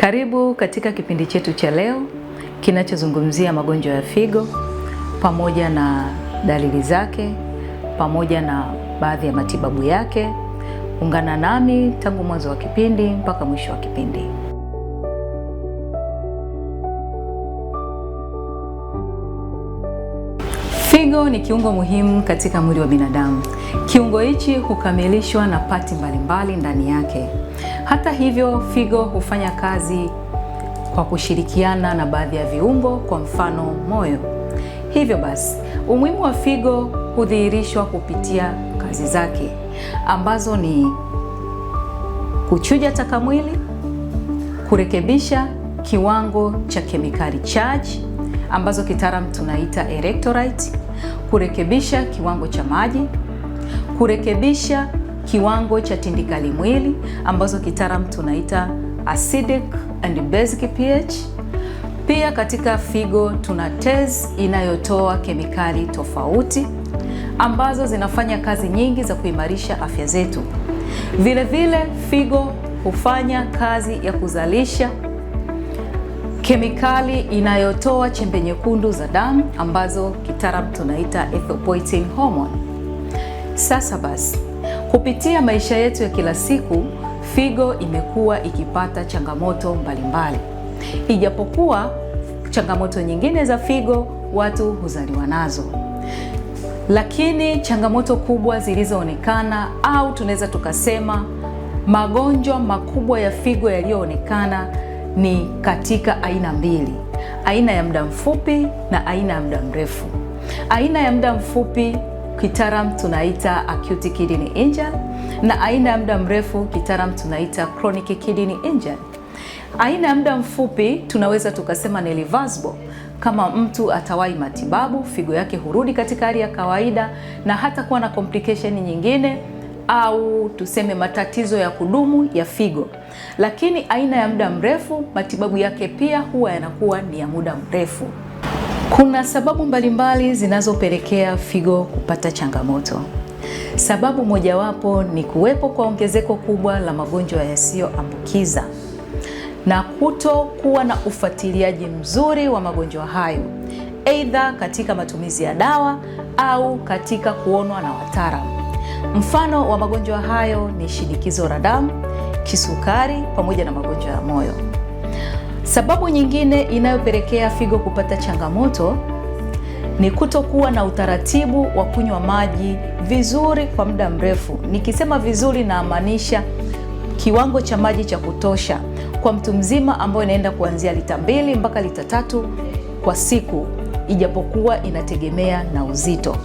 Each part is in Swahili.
Karibu katika kipindi chetu cha leo kinachozungumzia magonjwa ya figo pamoja na dalili zake pamoja na baadhi ya matibabu yake. Ungana nami tangu mwanzo wa kipindi mpaka mwisho wa kipindi. Figo ni kiungo muhimu katika mwili wa binadamu. Kiungo hichi hukamilishwa na pati mbalimbali ndani yake. Hata hivyo, figo hufanya kazi kwa kushirikiana na baadhi ya viungo, kwa mfano moyo. Hivyo basi, umuhimu wa figo hudhihirishwa kupitia kazi zake ambazo ni kuchuja taka mwili, kurekebisha kiwango cha kemikali charge ambazo kitaram tunaita electrolyte kurekebisha kiwango cha maji, kurekebisha kiwango cha tindikali mwili ambazo kitaalam tunaita acidic and basic pH. Pia katika figo tuna TEZ inayotoa kemikali tofauti ambazo zinafanya kazi nyingi za kuimarisha afya zetu. Vilevile figo hufanya kazi ya kuzalisha kemikali inayotoa chembe nyekundu za damu ambazo kitaalamu tunaita erythropoietin hormone. Sasa basi, kupitia maisha yetu ya kila siku, figo imekuwa ikipata changamoto mbalimbali mbali. Ijapokuwa changamoto nyingine za figo watu huzaliwa nazo, lakini changamoto kubwa zilizoonekana au tunaweza tukasema magonjwa makubwa ya figo yaliyoonekana ni katika aina mbili, aina ya muda mfupi na aina ya muda mrefu. Aina ya muda mfupi kitaalamu tunaita acute kidney injury na aina ya muda mrefu kitaalamu tunaita chronic kidney injury. Aina ya muda mfupi tunaweza tukasema ni reversible, kama mtu atawahi matibabu, figo yake hurudi katika hali ya kawaida na hata kuwa na complication nyingine, au tuseme matatizo ya kudumu ya figo lakini aina ya muda mrefu matibabu yake pia huwa yanakuwa ni ya muda mrefu. Kuna sababu mbalimbali zinazopelekea figo kupata changamoto. Sababu mojawapo ni kuwepo kwa ongezeko kubwa la magonjwa yasiyoambukiza na kutokuwa na ufuatiliaji mzuri wa magonjwa hayo, aidha katika matumizi ya dawa au katika kuonwa na wataalamu. Mfano wa magonjwa hayo ni shinikizo la damu, kisukari pamoja na magonjwa ya moyo. Sababu nyingine inayopelekea figo kupata changamoto ni kutokuwa na utaratibu wa kunywa maji vizuri kwa muda mrefu. Nikisema vizuri, namaanisha kiwango cha maji cha kutosha kwa mtu mzima, ambayo inaenda kuanzia lita mbili mpaka lita tatu kwa siku, ijapokuwa inategemea na uzito.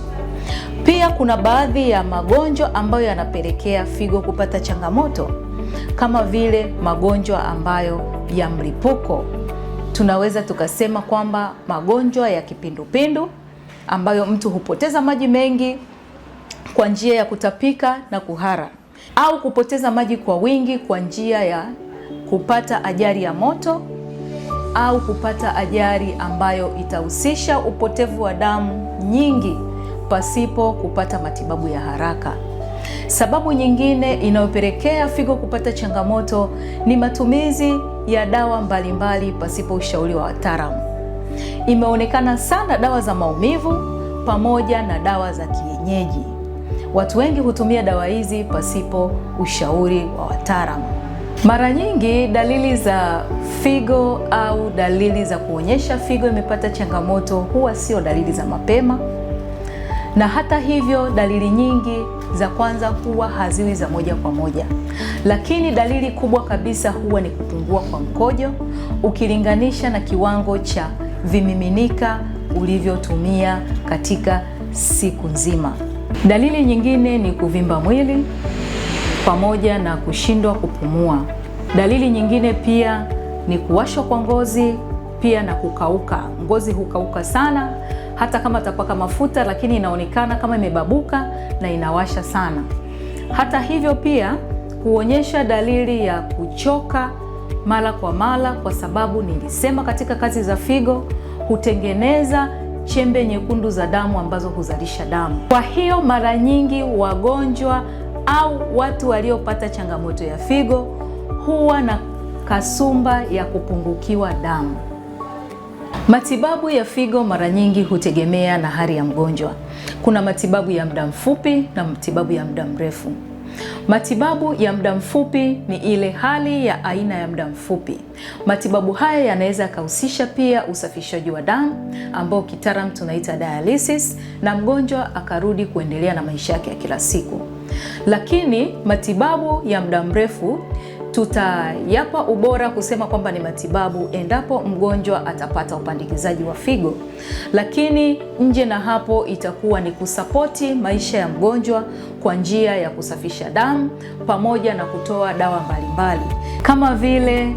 Pia kuna baadhi ya magonjwa ambayo yanapelekea figo kupata changamoto kama vile magonjwa ambayo ya mlipuko. Tunaweza tukasema kwamba magonjwa ya kipindupindu ambayo mtu hupoteza maji mengi kwa njia ya kutapika na kuhara au kupoteza maji kwa wingi kwa njia ya kupata ajali ya moto au kupata ajali ambayo itahusisha upotevu wa damu nyingi pasipo kupata matibabu ya haraka. Sababu nyingine inayopelekea figo kupata changamoto ni matumizi ya dawa mbalimbali pasipo ushauri wa wataalamu. Imeonekana sana dawa za maumivu pamoja na dawa za kienyeji. Watu wengi hutumia dawa hizi pasipo ushauri wa wataalamu. Mara nyingi dalili za figo au dalili za kuonyesha figo imepata changamoto huwa sio dalili za mapema na hata hivyo dalili nyingi za kwanza huwa haziwi za moja kwa moja, lakini dalili kubwa kabisa huwa ni kupungua kwa mkojo ukilinganisha na kiwango cha vimiminika ulivyotumia katika siku nzima. Dalili nyingine ni kuvimba mwili pamoja na kushindwa kupumua. Dalili nyingine pia ni kuwashwa kwa ngozi pia na kukauka. Ngozi hukauka sana hata kama tapaka mafuta, lakini inaonekana kama imebabuka na inawasha sana. Hata hivyo, pia huonyesha dalili ya kuchoka mara kwa mara, kwa sababu nilisema katika kazi za figo hutengeneza chembe nyekundu za damu ambazo huzalisha damu. Kwa hiyo mara nyingi wagonjwa au watu waliopata changamoto ya figo huwa na kasumba ya kupungukiwa damu. Matibabu ya figo mara nyingi hutegemea na hali ya mgonjwa. Kuna matibabu ya muda mfupi na matibabu ya muda mrefu. Matibabu ya muda mfupi ni ile hali ya aina ya muda mfupi. Matibabu haya yanaweza yakahusisha pia usafishaji wa damu ambao kitaalamu tunaita dialysis, na mgonjwa akarudi kuendelea na maisha yake ya kila siku. Lakini matibabu ya muda mrefu tutayapa ubora kusema kwamba ni matibabu endapo mgonjwa atapata upandikizaji wa figo, lakini nje na hapo itakuwa ni kusapoti maisha ya mgonjwa kwa njia ya kusafisha damu pamoja na kutoa dawa mbalimbali mbali, kama vile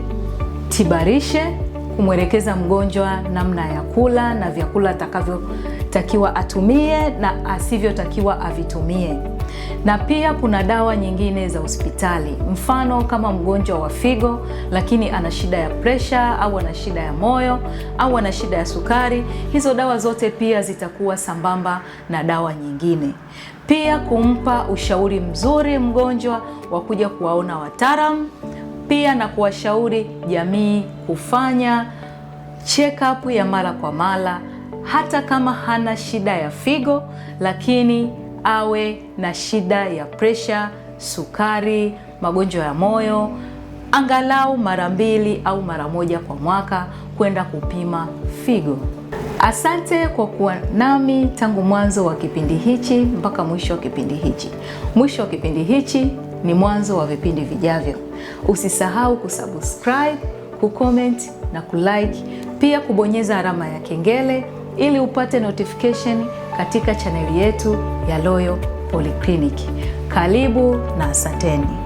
tibarishe kumwelekeza mgonjwa namna ya kula na vyakula atakavyotakiwa atumie na asivyotakiwa avitumie na pia kuna dawa nyingine za hospitali, mfano kama mgonjwa wa figo lakini ana shida ya presha au ana shida ya moyo au ana shida ya sukari, hizo dawa zote pia zitakuwa sambamba na dawa nyingine. Pia kumpa ushauri mzuri mgonjwa wa kuja kuwaona wataalamu, pia na kuwashauri jamii kufanya check up ya mara kwa mara, hata kama hana shida ya figo lakini awe na shida ya presha, sukari, magonjwa ya moyo, angalau mara mbili au mara moja kwa mwaka kwenda kupima figo. Asante kwa kuwa nami tangu mwanzo wa kipindi hichi mpaka mwisho wa kipindi hichi. Mwisho wa kipindi hichi ni mwanzo wa vipindi vijavyo. Usisahau kusubscribe, kucomment na kulike, pia kubonyeza alama ya kengele ili upate notification katika chaneli yetu ya loyo Polyclinic. Karibu na asanteni.